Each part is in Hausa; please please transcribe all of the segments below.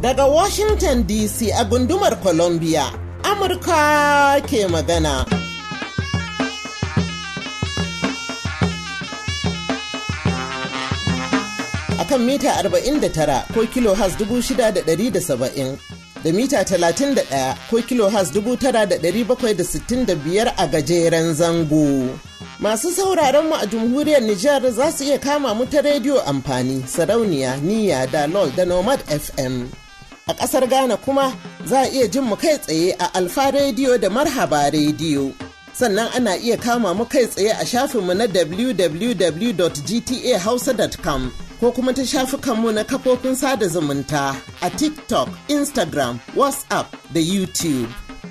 Daga Washington DC a gundumar Columbia, Amurka ke magana. Akan mita 49 ko kilo has 6,670 da mita 31 ko kilo has 9,765 a gajeren zango. Masu sauraron mu a jamhuriyar Nijar za su iya kama mu ta rediyo amfani, sarauniya, niyya da lol da nomad FM. A ƙasar Ghana kuma za a iya jin mu kai tsaye a Alfa rediyo da Marhaba rediyo. Sannan ana iya kama mu kai tsaye a shafinmu na www.gtahausa.com ko kuma ta shafukanmu na kafofin sada zumunta a TikTok, Instagram, WhatsApp da YouTube.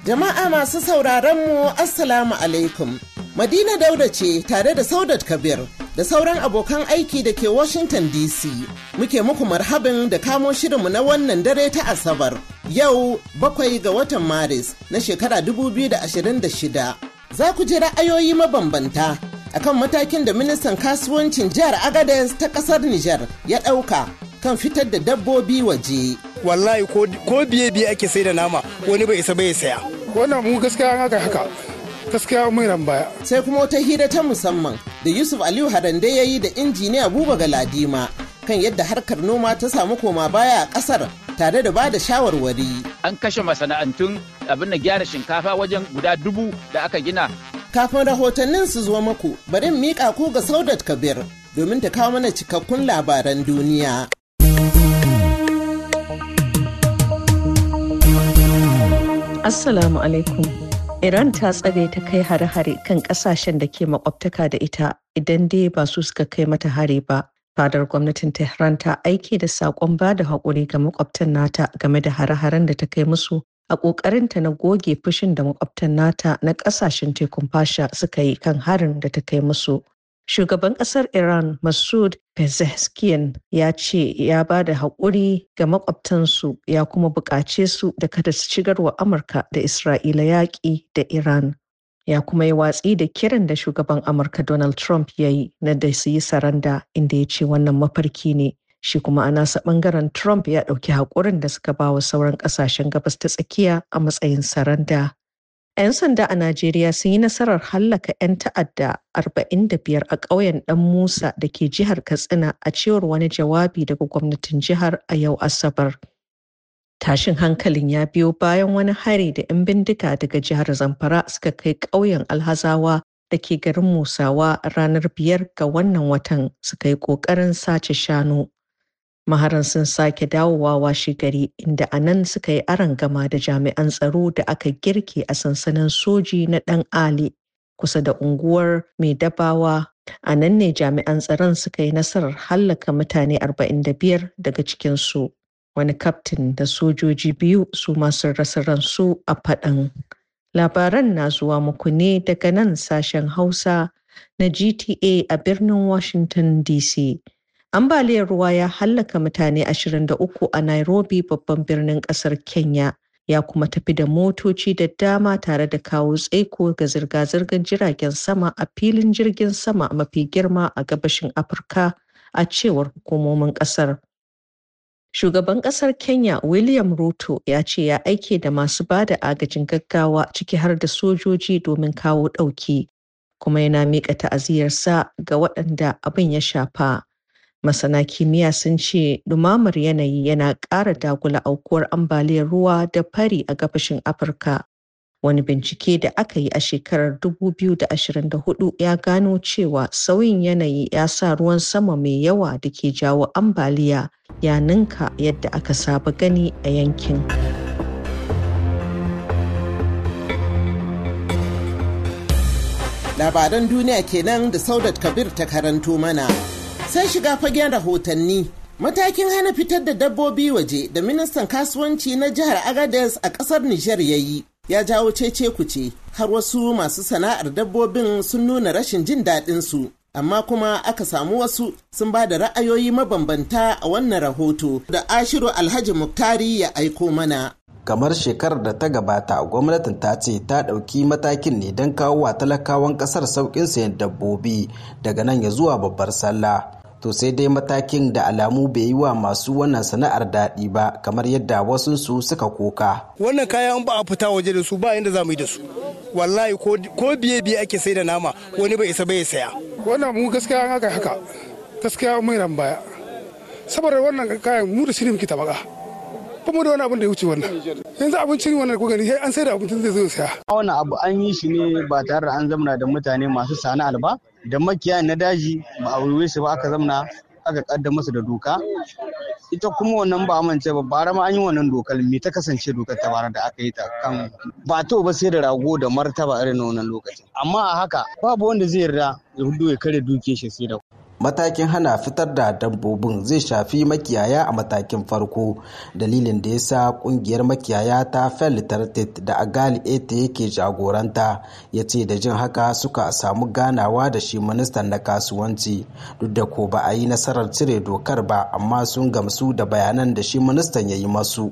Jama'a masu sauraron mu Assalamu alaikum. Madina Dauda ce tare da Saudat Kabir da sauran abokan aiki da ke Washington DC. Muke muku marhabin da kamo shirinmu na wannan dare ta Asabar. Yau bakwai ga watan Maris na shekara 2026. Za ku ji ra'ayoyi mabambanta akan matakin da ministan kasuwancin jihar Agadez ta kasar Nijar ya ɗauka kan fitar da dabbobi waje. Wallahi ko biye biye ake sai da nama wani bai isa bai saya. wannan mu gaskiya haka haka gaskiya mai nan baya sai kuma wata hira ta musamman da yusuf aliyu harande ya yi da injiniya buba galadima kan yadda harkar noma ta samu koma baya a kasar tare da ba da shawarwari an kashe masana'antun abin da gyara shinkafa wajen guda dubu da aka gina kafin rahotannin su zuwa maku bari mika ko ga saudat kabir domin ta kawo mana cikakkun labaran duniya Assalamu alaikum. Iran ta tsare ta kai hare-hare kan kasashen da ke makwabtaka da ita idan dai ba su suka kai mata hare ba. Fadar gwamnatin Tehran ta aiki da saƙon ba da haƙuri ga makwabtan nata game da hare-haren da ta kai musu a ƙoƙarinta na goge fushin da makwabtan nata na ƙasashen tekun fasha suka yi kan harin da ta kai musu. Shugaban ƙasar Iran Masoud Pezeshkian ya ce ya ba da haƙuri ga makwabtansu ya kuma buƙace su da kada su wa Amurka da Isra'ila yaƙi da Iran. Ya kuma yi watsi da kiran da shugaban Amurka Donald Trump ya yi na da su yi saranda inda ya ce wannan mafarki ne. Shi kuma a nasa ɓangaren Trump ya ɗauki haƙurin da suka ba wa sauran ƙasashen gabas ta tsakiya a matsayin saranda. ‘Yan sanda a Najeriya sun yi nasarar hallaka ‘yan ta'adda 45 a ƙauyen ɗan Musa da ke jihar Katsina, a cewar wani jawabi daga gwamnatin jihar a yau Asabar. Tashin hankalin ya biyo bayan wani hari da 'yan bindiga daga jihar Zamfara suka kai ƙauyen Alhazawa da ke garin Musawa ranar biyar ga wannan watan suka yi ƙoƙarin sace shanu. maharan sun sake dawowa washe gari inda a nan suka yi aron gama da jami'an tsaro da aka girke a sansanin soji na dan ali kusa da unguwar mai dabawa a nan ne jami'an tsaron suka yi nasarar hallaka mutane 45 daga cikinsu wani kaftin da sojoji biyu su masu rasa ransu a faɗan labaran na zuwa muku ne daga nan sashen hausa na gta a birnin washington dc ambaliyar ruwa ya hallaka mutane 23 a Nairobi babban birnin kasar Kenya ya kuma tafi da motoci da dama tare da kawo tsaiko ga zirga-zirgar jiragen sama a filin jirgin sama mafi girma a gabashin Afirka a cewar hukumomin kasar. Shugaban kasar Kenya William Ruto ya ce ya aike da masu ba da agajin gaggawa ciki har da sojoji domin kawo ɗauki, kuma yana miƙa ta'aziyarsa ga waɗanda abin ya shafa. Masana kimiyya sun ce dumamar yanayi yana ƙara dagula aukuwar ambaliyar ruwa da fari a gabashin Afirka. Wani bincike da aka yi a shekarar 2024 ya gano cewa sauyin yanayi ya sa ruwan sama mai yawa da ke jawo ambaliya ya ninka yadda aka saba gani a yankin. Labaran duniya kenan da Saudat Kabir ta karanto mana. sai shiga fagen rahotanni matakin hana fitar da dabbobi waje da ministan kasuwanci na jihar agadez a kasar nijar ya yi ya jawo cece kuce har wasu masu sana'ar dabbobin sun nuna rashin jin daɗin su amma kuma aka samu wasu sun ba da ra'ayoyi mabambanta a wannan rahoto da ashiru alhaji muktari ya aiko mana kamar shekarar da ta gabata gwamnatin ta ce ta ɗauki matakin ne don kawo wa talakawan ƙasar sauƙin sayan dabbobi daga nan ya zuwa babbar sallah to sai dai matakin da alamu bai yi wa masu wannan sana'ar daɗi ba kamar yadda wasu su suka koka wannan kaya an ba a fita waje da su ba inda za mu yi da su wallahi ko biye biye ake sai da nama wani bai isa bai saya wannan mu gaskiya an haka haka gaskiya mai ran baya saboda wannan kayan mu da shirin kita baka ba mu da wani abin da ya wuce wannan yanzu abincin wannan ko gani an sai da abincin zai zo saya wannan abu an yi shi ne ba tare da an zamana da mutane masu sana'ar ba da makiya na daji ba a wurwe su ba aka zamna aka kaddama su da doka ita kuma wannan ba amince ba bara ma an yi wannan dokar me ta kasance dokar ta bara da aka yi ta kan ba to ba sai da rago da martaba irin wannan lokacin amma a haka babu wanda zai yarda ya hudu ya kare duke shi sai da matakin hana fitar da dabbobin zai shafi makiyaya a matakin farko dalilin da ya sa kungiyar makiyaya ta felitaritet da agali ete yake jagoranta ya ce da jin haka suka samu ganawa da shi ministan na kasuwanci duk da ko ba a yi nasarar cire dokar ba amma sun gamsu da bayanan da shi ministan ya yi masu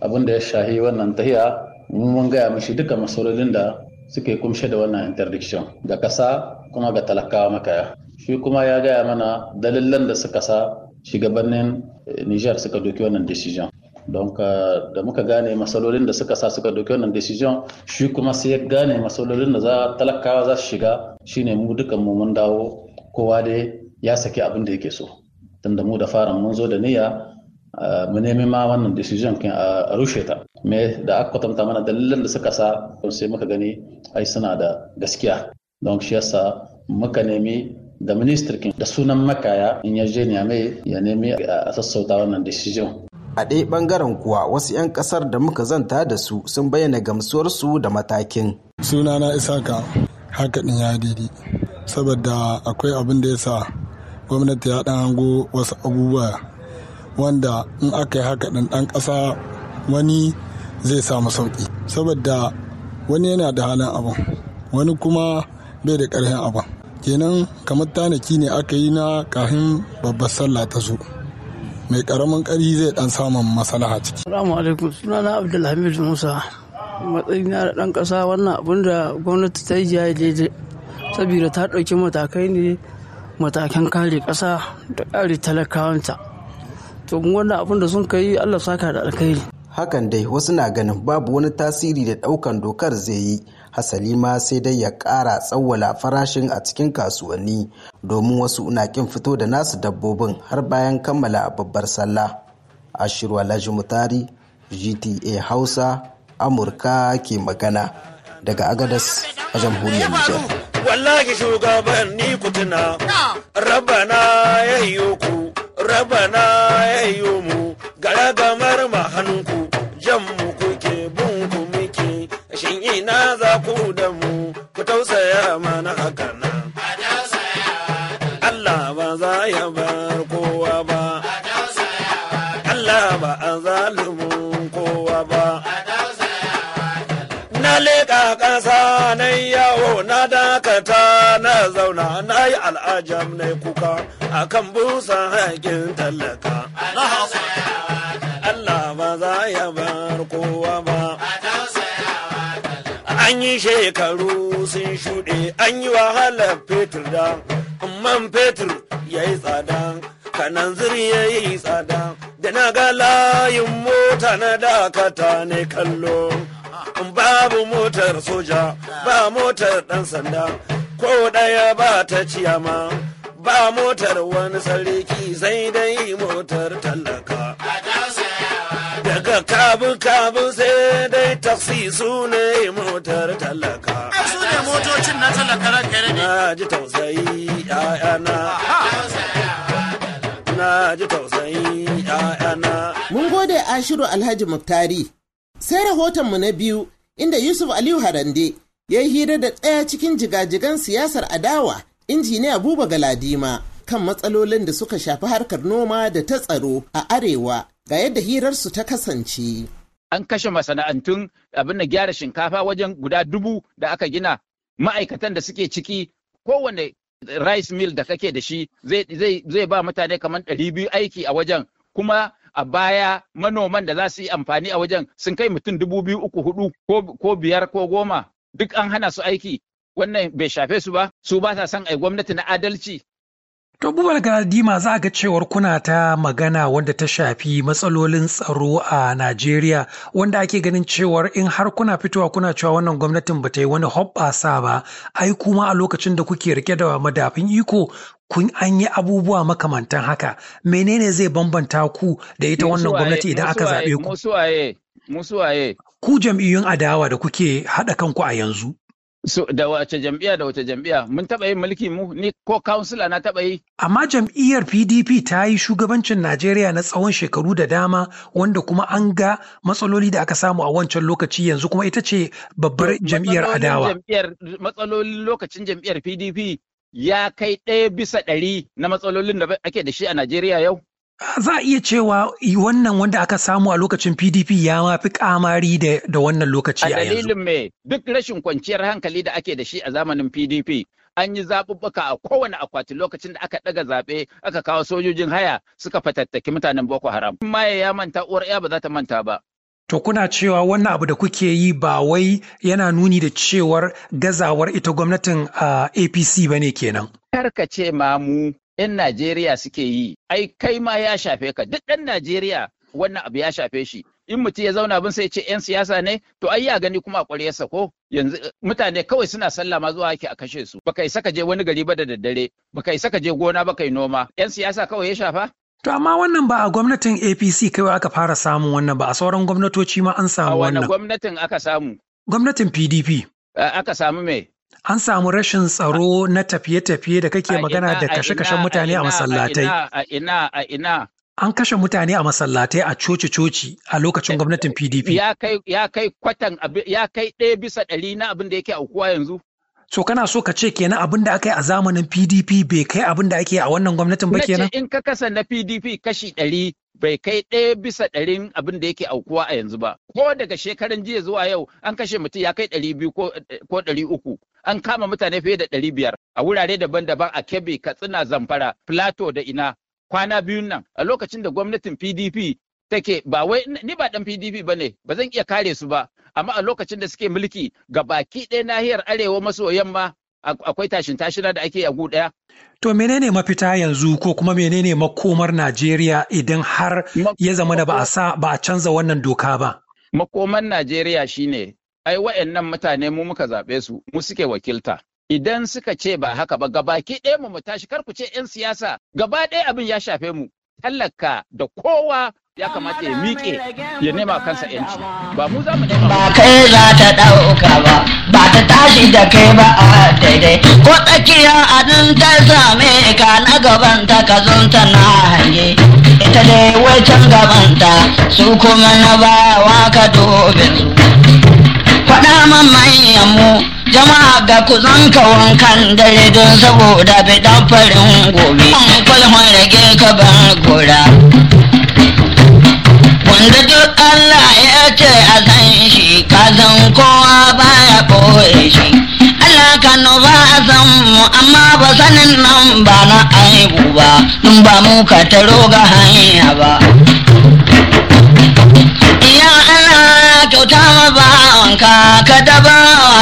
abin da ya shahi wannan tahiya mun gaya mishi duka da suka yi kumshe da wannan interdiction ga kasa kuma ga talakawa makaya shi kuma ya gaya mana dalilan da suka sa shugabannin eh, niger suka doki wannan decision don da muka gane masalolin da suka sa suka doki wannan decision shi kuma sai ya gane masalolin da za talakawa za su shiga shine mu dukan mu mun dawo kowa dai ya saki abin da yake so tunda mu da fara mun zo da niyya eh, mu nemi ma wannan decision a rushe ta me da aka kwatanta mana dalilan da suka sa sai muka gani ai suna da gaskiya don shi yasa muka nemi da ministirkin da sunan makaya in ya je mai ya nemi a sassauta wannan decision a ɗaya ɓangaren kuwa wasu 'yan ƙasar da muka zanta da su sun bayyana gamsuwarsu da matakin sunana isaka haka ɗin ya daidai saboda akwai abin da ya sa gwamnati ya ɗan hango wasu abubuwa wanda in aka yi haka ɗin ɗan ƙasa wani zai samu sauki saboda wani yana da halin abin wani kuma bai da ƙarfin abin kenan kamar tanaki ne aka yi na kafin babbar sallah ta zo mai karamin ƙari zai dan samun masalaha ciki. Salamu alaikum sunana Abdulhamid Musa matsayi da ɗan ƙasa wannan abin da gwamnati ta yi jiya daidai saboda ta ɗauki matakai ne matakan kare ƙasa da kare talakawanta. To wannan abin da sun kai Allah saka da alkhairi. hakan dai wasu na ganin babu wani tasiri da ɗaukan dokar zai yi hasali ma sai dai ya kara tsawwala farashin a cikin kasuwanni domin wasu na kin fito da nasu dabbobin har bayan kammala babbar sallah ashiru alhaji gta hausa amurka ke magana daga agadas a jamhuriyar nijar wallahi shugaban ni kutuna rabana ya ku rabana ya mu garagamar ma hannunku jan mu kuke bin ku muke shin ina za ku da mu ku tausaya mana haka nan Allah ba za ya bar kowa ba Allah ba a zalumin kowa ba na leƙa ƙasa na yawo na dakata na zauna na yi al'ajam na kuka akan busa haƙin talaka. ba ya bar kowa ba. An yi shekaru sun shuɗe an yi wahalar fetur da man fetur ya yi tsada kanan ziri ya yi tsada da na ga layin mota na dakata ne kallo. Babu motar soja ba motar ɗan sanda ko ɗaya ba ta ciyama. ba motar wani sarki sai dai motar tallaka. daga kabin kabin sai dai taksi su ne motar talaka su ne motocin na talaka ne na ji tausayi na ji tausayi mun gode ashiru alhaji muktari sai rahotonmu na biyu inda yusuf aliyu harande ya yi hira da tsaya cikin jigajigan siyasar adawa injiniya buba galadima kan matsalolin da suka shafi harkar noma da ta tsaro a arewa Ga yadda hirarsu ta kasance. An kashe masana'antun abin da gyara shinkafa wajen guda dubu da aka gina ma'aikatan da suke ciki kowane rice mill da kake da shi zai ba mutane kamar ɗari biyu aiki a wajen kuma a baya manoman da za su yi amfani a wajen sun kai mutum dubu biyu uku hudu ko biyar ko goma duk an hana su aiki wannan bai shafe su ba su ba sa son ai gwamnati na adalci To Buba Galadima za a ga cewar kuna ta magana wanda ta shafi matsalolin tsaro a Najeriya wanda ake ganin cewar in har kuna fitowa kuna cewa wannan gwamnatin ba ta yi wani hoɓɓasa ba ai kuma a lokacin da kuke rike da madafin iko kun an yi abubuwa makamantan haka menene zai bambanta ku da ita wannan gwamnati idan aka zaɓe ku? Ku jam'iyyun adawa da kuke haɗa kanku a yanzu. So, da wace jam'iyya da wace jam'iyya mun taɓa yin mulki mu ni ko kansila na taɓa yi. Amma jam'iyyar PDP ta yi shugabancin Najeriya na tsawon shekaru da dama wanda kuma an ga matsaloli da aka samu a wancan lokaci yanzu kuma ita ce babbar jam'iyyar adawa. Matsalolin lokacin jam'iyyar PDP ya kai ɗaya bisa ɗari na matsalolin da ake da shi a Najeriya yau. Za a iya cewa wannan wanda aka samu a lokacin PDP ya ma kamari da wannan lokaci a yanzu. A dalilin me duk rashin kwanciyar hankali da ake da shi a zamanin PDP an yi zaɓuɓɓuka a kowane akwati lokacin da aka ɗaga zaɓe aka kawo sojojin haya suka fatattaki mutanen Boko Haram. Maye ya manta uwar ya ba za ta manta ba. To kuna cewa wannan abu da kuke yi ba wai yana nuni da cewar gazawar ita gwamnatin uh, ah, APC ba ne kenan. ka ce ma mu. 'yan Najeriya suke yi, ai kai ma ya shafe ka, duk ɗan Najeriya wannan abu ya shafe shi. In mutum ya zauna bin sai ce 'yan siyasa ne, to ai ya gani kuma a sa ko yanzu eh, mutane kawai suna sallah ma zuwa yake a kashe su. Baka isa ka je wani gari ba da daddare, baka isa ka je gona ba kai noma, 'yan siyasa kawai ya shafa? To amma wannan ba a gwamnatin APC kawai aka fara samun wannan ba a sauran gwamnatoci ma an samu wannan. A wani gwamnatin aka samu? Gwamnatin PDP. Aka samu me? an samu rashin tsaro na tafiye-tafiye da kake magana da kashe-kashen mutane a masallatai. An kashe mutane a masallatai a coci-coci a lokacin gwamnatin PDP. Ya kai kwatan ya kai ɗaya bisa ɗari na abin da yake aukuwa yanzu. So kana so ka ce kenan abin da aka yi a zamanin PDP bai kai abin da ake a wannan gwamnatin ba kenan? in ka kasa na PDP kashi ɗari bai kai ɗaya bisa ɗarin abin da yake aukuwa a yanzu ba. Ko daga shekaran jiya zuwa yau an kashe mutum ya kai ɗari biyu ko ɗari uku. an kama mutane fiye da ɗari biyar a wurare daban-daban a Kebbi, Katsina, Zamfara, Plateau da ina kwana biyun nan a lokacin da gwamnatin PDP take ba wai ni ba dan PDP ba ne, ba zan iya kare su ba amma a lokacin da suke mulki ga baki ɗaya nahiyar arewa maso yamma akwai tashin tashina da ake yagu ɗaya. To menene mafita yanzu ko kuma menene makomar Najeriya idan har ya zama da ba a sa ba a canza wannan doka ba? Makoman Najeriya shine ai wa'annan mutane mu muka zaɓe su mu suke wakilta idan suka ce ba haka ba gabaki ɗaya mu mu tashi kar ku ce 'yan siyasa gaba ɗaya abin ya shafe mu tallaka da kowa ya kamata ya miƙe ya nema kansa yanci ba mu za mu nema ba kai za ta ɗauka ba ba ta tashi da kai ba a daidai ko tsakiya a nan ta same ka na gaban ta ka zonta na hange ita dai wai can gaban ta su kuma na bawa ka dubin su manyanmu jama'a ga ku zanka wankan dare don saboda bai dan farin gobe an kwalhon rage ka ban gora wanda duk Allah ya ce a san shi ka san kowa ba ya ɓoye shi Allah ka ba a san mu amma ba sanin nan ba na aibu ba in ba mu ka taro ga hanya ba kyauta wanka ka daba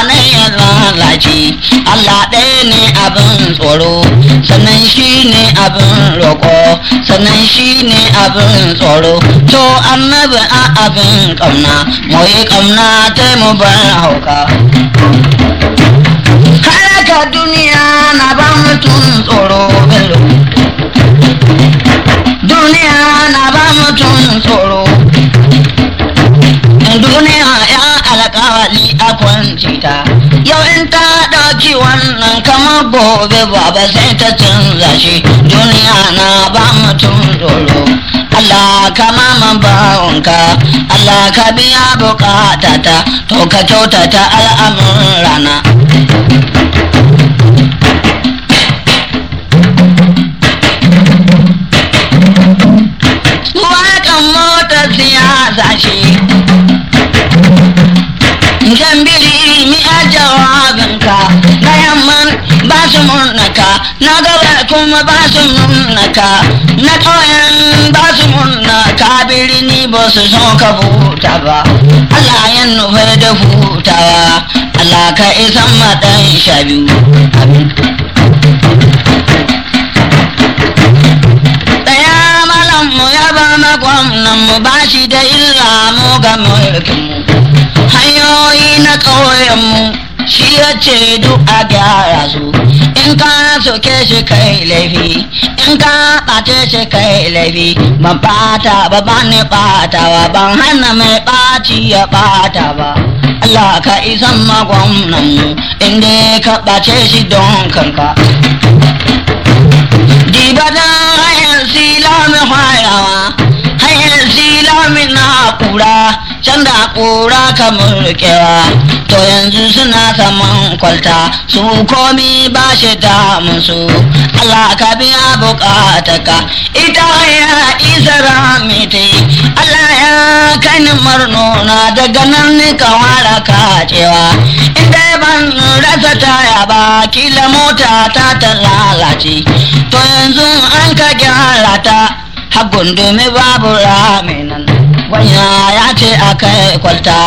ne ya lalace Allah ɗaya ne abin tsoro sannan shi ne abin roƙo sannan shi ne abin tsoro to annabi a abin ƙauna mu yi ta mu bar hauka halaka duniya na ba mutum tsoro bello duniya na ba mutum tsoro duniya ya alƙawali a kwanci ta yau in ta ɗauki wannan kamar gobe ba sai ta canza shi duniya na ba mutum dolo Allah ka mama bawonka Allah ka biya bukatata to ka kyautata al'amurana Waƙan motar siyasa shi shan mi a jawabinka na yamman ba su murnaka na gaba kuma ba su murnaka na ƙauyen ba su murnaka birni ba su son ka buta ba Allah ya nufar da hutawa Allah ka isan maɗan shabiu Ɗaya mu ya ba makon nan mu ba shi da illa mu ga mulkinmu na kawai mu shi yace du a gyara su in ka soke shi kai laifi in ka bace shi kai laifi ban bata ba ban ni bata ba ban hana mai baci ya bata ba Allah ka isan magwamnan mu inda ka bace shi don kanka dibada hanyar silamin hayawa hanyar silamin na kura can da kura ka murkewa to yanzu suna saman kwalta su komi ba shi musu Allah ka biya bukataka ita ya isa ramite Allah ya kani marnona daga nan ni ka wara ka cewa inda ban rasa taya ba kila mota ta ta lalace to yanzu an ka gyara ta hagun babu raminan kunya ya ce a kai kwalta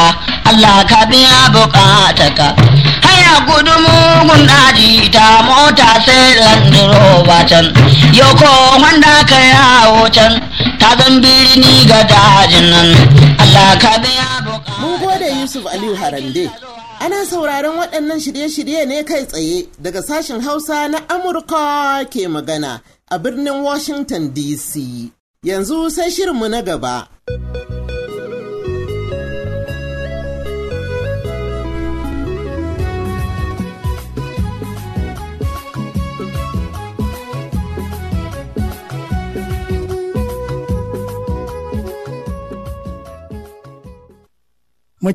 Allah ka biya bukataka haya gudu mugun daji ta mota sai landiro can yoko wanda ka yawo can ta zan birni ga dajin nan Allah ka biya bukata mun gode Yusuf Aliyu Harande Ana sauraron waɗannan shirye-shirye ne kai tsaye daga sashen Hausa na Amurka ke magana a birnin Washington DC. Yanzu sai shirinmu na gaba. mu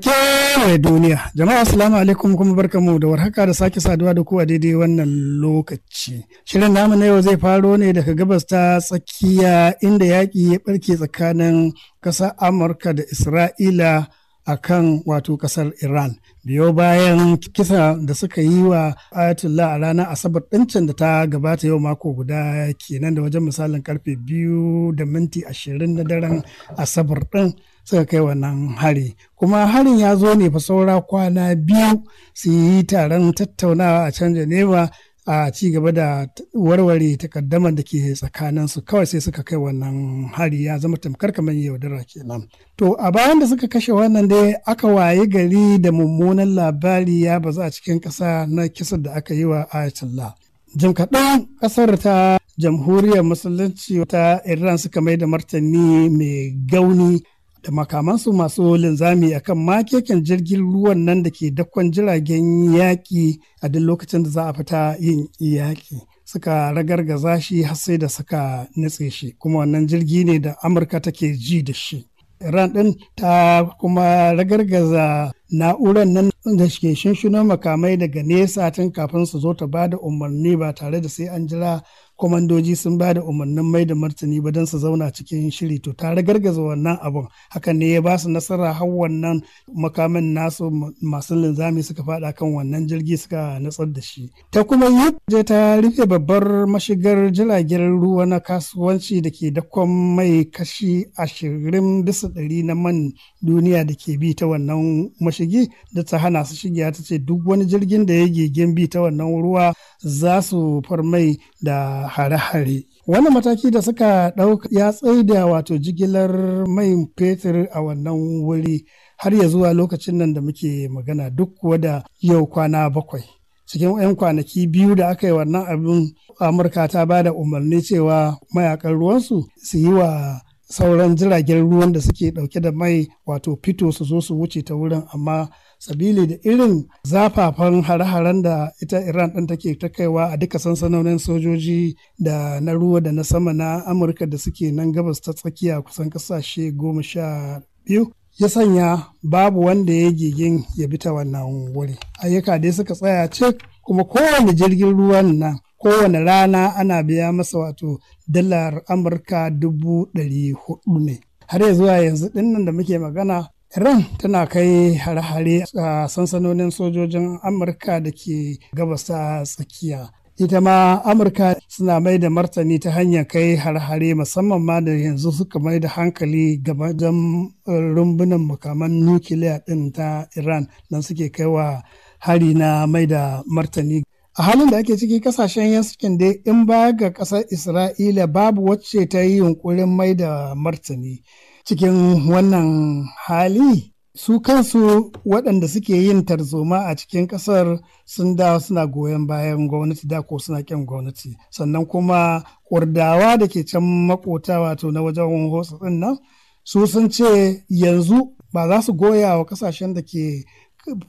mai duniya jama'a salamu alaikum kuma barkamu da warhaka da sake saduwa da ku a daidai wannan lokaci shirin namu na yau zai faro ne daga gabas ta tsakiya inda yaƙi ya ɓarke tsakanin ƙasa amurka da isra'ila a kan wato ƙasar iran biyo bayan kisa da suka yi wa ayatollah a ranar asabar ɗincin da ta gabata yau mako guda kenan da wajen misalin karfe biyu da minti ashirin na daren asabar ɗin suka kai wannan hari kuma harin ya zo ne fa saura kwana biyu su yi taron tattaunawa a can Geneva a ci gaba da warware takaddamar da ke tsakanin su kawai sai suka kai wannan hari ya zama tamkar kamar yaudara kenan to a bayan da suka kashe wannan dai aka waye gari da mummunan labari ya bazu a cikin kasa na kisan da aka yi wa ayatollah jim kaɗan ƙasar ta jamhuriyar musulunci ta iran suka mai da martani mai gauni da makamansu masu linzami akan makeken jirgin ruwan nan da ke dakon jiragen yaƙi a duk lokacin da za a fita yin yaƙi suka ragargaza shi har sai da suka nutse shi kuma wannan jirgi ne da amurka take ji da shi iran ɗin ta kuma ragargaza na'urar nan da ke shinshino makamai daga nesa tun kafin su zo ta ba da umarni ba tare da sai an jira kwamandoji sun ba da umarnin mai da martani ba don su zauna cikin shiri to tare gargaza wannan abun hakan ne ya ba su nasara har wannan makamin nasu masu linzami suka fada kan wannan jirgi suka natsar da shi ta kuma yi ta rufe babbar mashigar jiragen ruwa na kasuwanci da ke dakon mai kashi ashirin bisa ɗari na man duniya da ke bi ta wannan mashigi da ta hana su shigiya ta ce duk wani jirgin da ya gegen bi ta wannan ruwa za su farmai da hare-hare. Wannan mataki da suka ɗauka ya tsaida wato jigilar mai fetur a wannan wuri har ya zuwa lokacin nan da muke magana duk wada yau kwana bakwai. Cikin 'yan kwanaki biyu da aka yi wannan abin Amurka ta ba da umarni cewa mayakan ruwansu su yi wa sauran jiragen ruwan da suke dauke da mai wato fito su zo su wuce ta wurin amma sabili da irin zafafan hare-haren da ita iran ɗin take ta kaiwa a duka sansanonin sojoji da na ruwa da na sama na amurka da suke nan gabas ta tsakiya kusan kasashe goma sha biyu ya sanya babu wanda ya gigin ya bi ta wannan wuri ayyuka dai suka tsaya ce kuma kowane jirgin ruwan nan kowane rana ana biya masa wato dalar amurka dubu ɗari hudu ne har ya zuwa yanzu dinnan da muke magana iran tana kai hare-hare a sansanonin sojojin amurka da ke gabasa tsakiya ita ma amurka suna mai da martani ta hanyar kai harhare hare musamman ma da yanzu suka mai da hankali gaba don rumbunan makaman nukiliya ɗin ta iran don suke kaiwa hari na mai da martani a halin da ake ciki kasashen yankin dai in ba ga kasar isra'ila babu wacce ta yi yunkurin mai da martani cikin wannan hali su kansu waɗanda suke yin tarzoma a cikin ƙasar sun da suna goyon bayan gwamnati da ko suna kyan gwamnati sannan kuma kurdawa da ke can makota wato na wajen hosu ɗin nan su sun ce yanzu ba za su goya wa ƙasashen da ke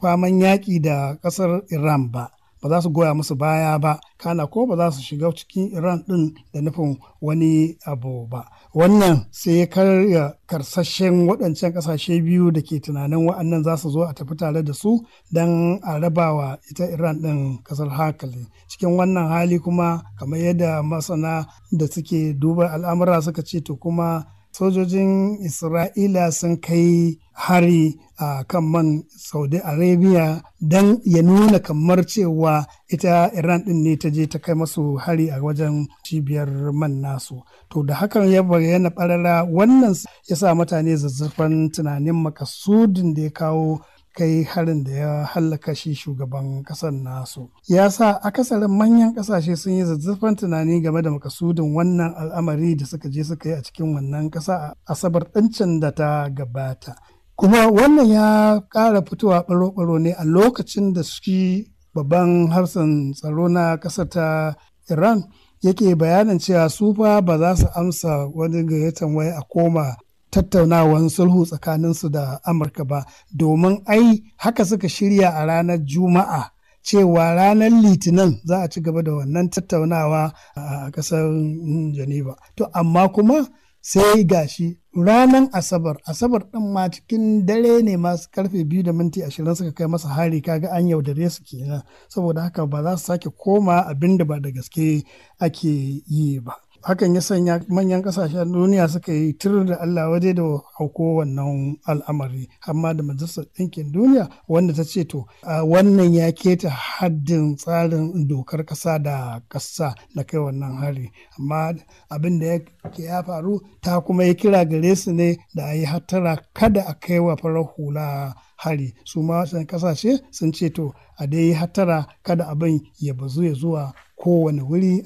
faman yaƙi da ƙasar iran ba ba za su goya musu baya ba kana ko ba za su shiga cikin iran din da nufin wani abu ba wannan sai ya karya karsashen waɗancan ƙasashe biyu da ke tunanin wa'annan za su zo a tafi tare da su don a rabawa ita iran din ƙasar hankali cikin wannan hali kuma kamar yadda masana da suke duba al'amura suka ce to kuma sojojin isra'ila sun kai hari a kan man saudi arabia don ya nuna kamar cewa ita iran din ne ta je ta kai masu hari a wajen cibiyar man nasu to da hakan ya bayyana barara wannan ya sa mutane zazzafan tunanin makasudin da ya kawo kai harin da ya hallaka shi shugaban kasar nasu ya sa akasarin manyan kasashe sun yi zazzafan tunani game da makasudin wannan al'amari da suka je suka yi a cikin wannan kasa a asabar ɗancin da ta gabata kuma wannan ya ƙara fitowa ɓaro-ɓaro ne a lokacin da shi babban harsan tsaro na ƙasar ta iran yake bayanin cewa su fa ba za su amsa wani gayyatan wai a koma tattaunawar sulhu tsakaninsu da amurka ba domin ai haka suka shirya a ranar juma'a cewa ranar litinin za a ci gaba da wannan tattaunawa a ƙasar geneva to amma kuma sai gashi ranar asabar asabar ɗin ma cikin dare ne masu karfe biyu da minti ashirin suka kai masa hari kaga an yaudare su kenan saboda haka ba za su sake koma abin da ba da gaske ake yi ba hakan ya sanya manyan kasashen duniya suka yi tur da Allah waje da hauko wannan al'amari amma da majalisar ɗinkin duniya wanda ta ce to wannan ya keta haddin tsarin dokar ƙasa da ƙasa na kai wannan hari amma abin da ya faru ta kuma ya kira gare su ne da a yi hattara kada a kai wa farar hula hari su ma kasashe sun ce to a dai hattara kada abin ya bazu ya zuwa kowane wuri.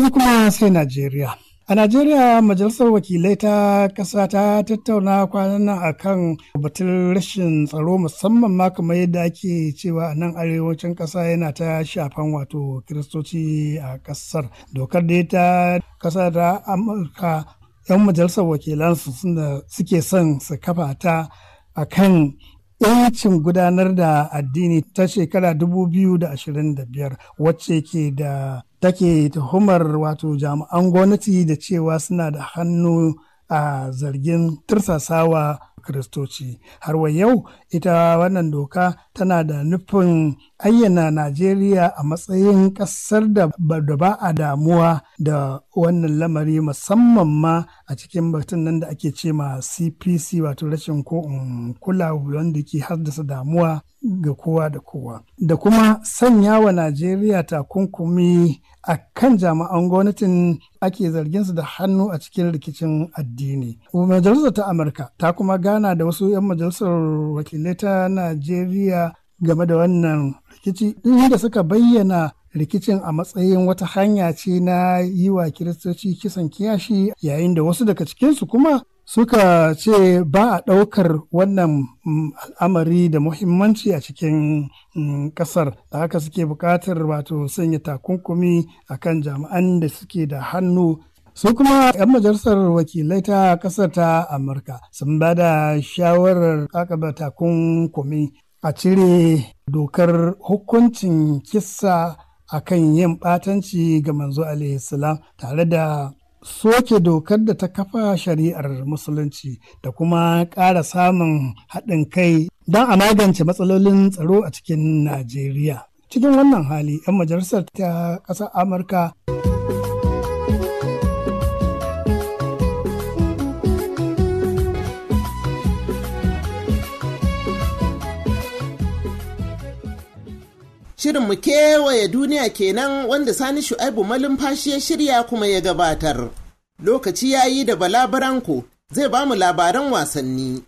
yanzu kuma sai Najeriya. A Najeriya Majalisar Wakilai ta ƙasa ta tattauna kwanan nan akan batun rashin tsaro musamman ma kamar yadda ake cewa a nan arewacin kasa yana ta shafan wato kiristoci a ƙasar. Dokar da ta ƙasa ta Amurka 'yan majalisar wakilansu suke son su kafa ta a kan yancin gudanar da addini ta shekara 2025 wacce ke da take tuhumar wato jami'an gwamnati da cewa suna da hannu a zargin tursasawa kiristoci har wa yau ita wannan doka tana da nufin ayyana najeriya a matsayin kasar da ba a damuwa da wannan lamari musamman ma a cikin batun nan da ake ce ma cpc wato rashin ko um, kula wanda ke haddasa damuwa ga kowa da kowa da kuma sanya wa najeriya takunkumi a kan jami'an gwamnatin ake zarginsu da hannu a cikin rikicin addini majalisar ta amurka ta kuma gana da wasu 'yan majalisar wakilai ta najeriya game da wannan rikici inda suka bayyana rikicin a matsayin wata hanya ce na yi wa kiristoci kisan kiyashi yayin da wasu daga cikinsu kuma suka ce ba a ɗaukar wannan mm, al'amari da muhimmanci a cikin mm, ƙasar da haka suke buƙatar wato sanya takunkumi a kan jami'an da suke da hannu su kuma 'yan majalisar wakilai ta ƙasar ta amurka sun ba da shawarar kakaba takunkumi a cire dokar hukuncin kisa a kan yin ɓatanci ga manzo alaihi tare da soke dokar da ta kafa shari'ar musulunci da kuma ƙara samun haɗin kai don a magance matsalolin tsaro a cikin najeriya cikin wannan hali 'yan majalisar ta ƙasar amurka Shirin mu kewaye duniya kenan wanda Sani Shu'aibu malumfashi ya shirya kuma ya gabatar. Lokaci ya yi da balabaranku zai ba mu labaran wasanni.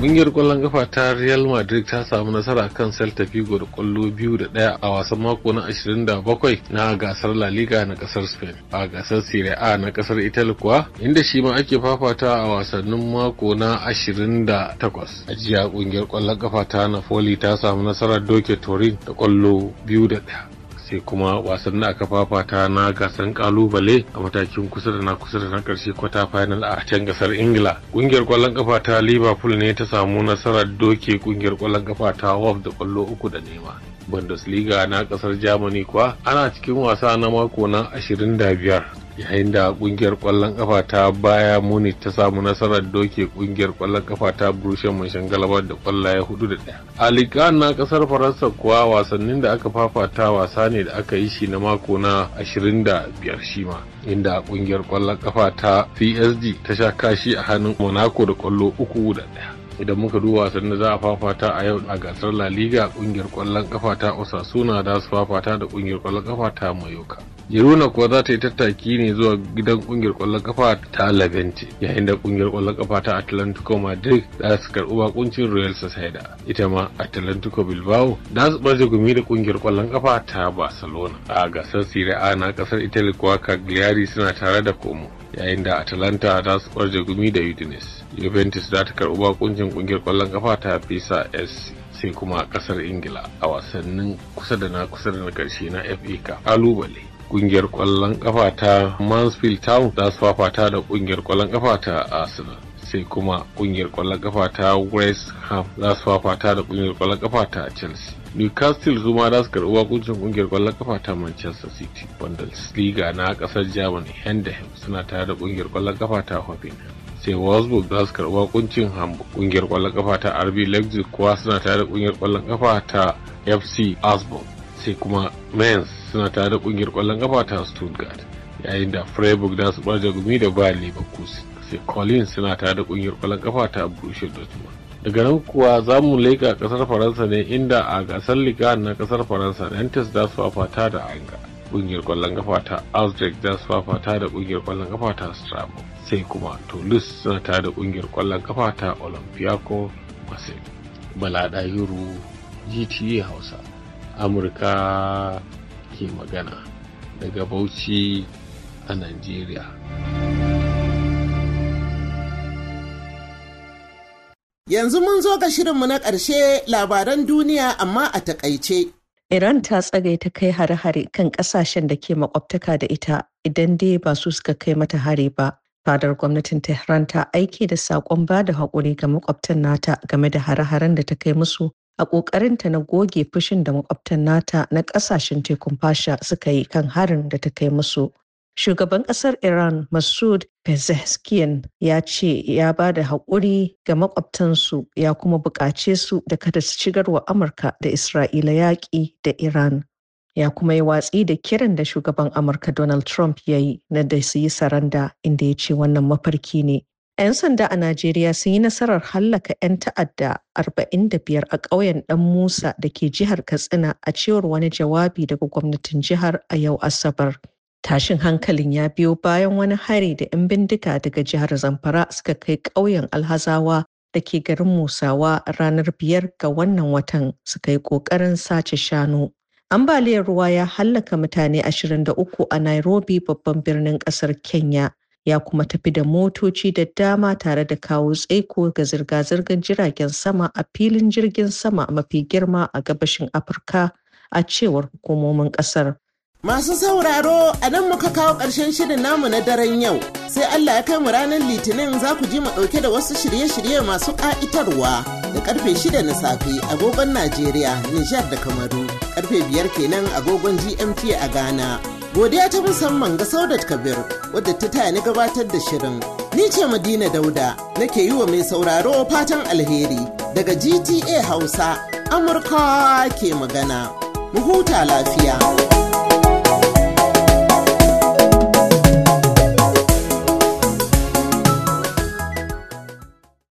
Ƙungiyar ƙwallon ƙafa ta Real Madrid ta samu nasara kan Celta Vigo da ƙwallo biyu da ɗaya a wasan mako na 27 na gasar La Liga na ƙasar Spain. A gasar Serie A na ƙasar Italy kuwa inda shi ma ake fafata a wasannin mako na 28. A jiya ƙungiyar ƙwallon ƙafa ta Napoli ta samu nasarar doke Turin da ƙwallo biyu da ɗaya. sai kuma wasanni aka fafata na gasar kalubale a matakin kusa da na kusa da na karshe kwata final a can gasar ingila kungiyar kwallon kafa ta liverpool ne ta samu nasarar doke kungiyar kwallon kafa ta wolf da kwallo uku da nema bundesliga na kasar germany kuwa ana cikin wasa na mako na 25 yayin da kungiyar kwallon kafa ta baya muni ta samu nasarar doke kungiyar kwallon kafa ta brushen mashin galabar da kwallaye hudu da daya a liga na kasar faransa kuwa wasannin da aka fafata wasa ne da aka yi shi na mako na 25 shi ma inda kungiyar kwallon kafa ta psg ta sha kashi a hannun monaco da kwallo uku da daya idan muka duba wasannin za a fafata a yau a gasar la liga kungiyar kwallon kafa ta osasuna da su fafata da kungiyar kwallon kafa ta mayoka Girona kuwa za ta yi tattaki ne zuwa gidan kungiyar kwallon kafa ta Levante yayin da kungiyar kwallon kafa ta Atlantico Madrid za su karɓi bakuncin Real Sociedad ita ma Atlantico Bilbao za su barje gumi da kungiyar kwallon kafa ta Barcelona a gasar Serie A na kasar Italy kuwa Cagliari suna tare da komo. yayin da atalanta ta su kwarje gumi da udinese juventus za ta karɓi bakuncin ƙungiyar ƙwallon kafa ta fisa sc sai kuma ƙasar ingila a wasannin kusa da na kusa da na ƙarshe na fa cup kalubale kungiyar kwallon kafa ta mansfield town za su fafata da kungiyar kwallon kafa ta arsenal sai kuma kungiyar kwallon kafa ta west ham za su fafata da kungiyar kwallon kafa ta chelsea newcastle kuma za su karɓi wakuncin kungiyar ƙwallon kafa ta manchester city bundesliga na ƙasar germany hendahim suna tare da kungiyar ƙwallon kafa ta hoffenheim sai wolfsburg za su karɓi wakuncin hamburg Kungiyar ƙwallon kafa ta rb leipzig kuwa suna tare da kungiyar ƙwallon kafa ta fc Augsburg. sai kuma mainz suna tare da kungiyar ƙwallon kafa ta stuttgart yayin da freiburg za su ɓarje gumi da Bayern leverkusen sai collins suna tare da kungiyar ƙwallon kafa ta borussia dortmund daga nan kuwa za mu leƙa ƙasar faransa ne inda a gasar liga na ƙasar faransa nantes za su fafata da anga ƙungiyar ƙwallon kafa ta ausdrick za su fafata da ƙungiyar ƙwallon kafa ta strabo sai kuma toulouse suna ta da ƙungiyar ƙwallon kafa ta olympiaco marseille balada yuru gta hausa amurka ke magana daga bauchi a nigeria Yanzu mun zo ga shirinmu na ƙarshe labaran duniya amma a takaice. Iran ta ta kai hare-hare kan ƙasashen da ke makwabtaka da ita idan dai ba su suka kai mata hare ba. Fadar gwamnatin Tehran ta aiki da saƙon ba da haƙuri ga makwabtan nata game da hare-haren da ta kai musu a ƙoƙarinta na goge fushin da makwabtan nata na ƙasashen tekun fasha suka yi kan harin da ta kai musu. Shugaban ƙasar Iran Masoud Pezeshkian ya ce ya ba da haƙuri ga makwabtansu ya kuma buƙace su da kada su wa Amurka da Isra'ila yaƙi da Iran. Ya kuma yi watsi da kiran da shugaban Amurka Donald Trump ya yi na da su yi saranda inda ya ce wannan mafarki ne. 'Yan sanda a Najeriya sun yi nasarar hallaka 'yan ta'adda 45 a ƙauyen Dan Musa da ke jihar Katsina a cewar wani jawabi daga gwamnatin jihar a yau Asabar. Tashin hankalin ya biyo bayan wani hari da 'yan bindiga daga jihar Zamfara suka kai ƙauyen Alhazawa da ke garin Musawa ranar biyar ga wannan watan suka yi ƙoƙarin sace shanu. Ambaliyar ruwa ya hallaka mutane 23 a Nairobi babban birnin ƙasar Kenya. Ya kuma tafi da motoci da dama tare da kawo tsaiko ga zirga-zirgar jiragen sama a filin jirgin sama mafi girma a gabashin Afirka a cewar hukumomin ƙasar. Masu sauraro a nan muka kawo ƙarshen shirin namu na daren yau sai Allah ya kai mu ranar litinin za ku ji mu ɗauke da wasu shirye-shirye masu ƙa'itarwa da karfe shida na safe agogon Najeriya, Nijar da Kamaru, karfe biyar kenan agogon GMT a Ghana. Godiya ta musamman ga Saudat Kabir wadda ta taya ni gabatar da shirin. Ni ce Madina Dauda nake yi wa mai sauraro fatan alheri daga GTA Hausa, Amurka ke magana. Mu huta lafiya.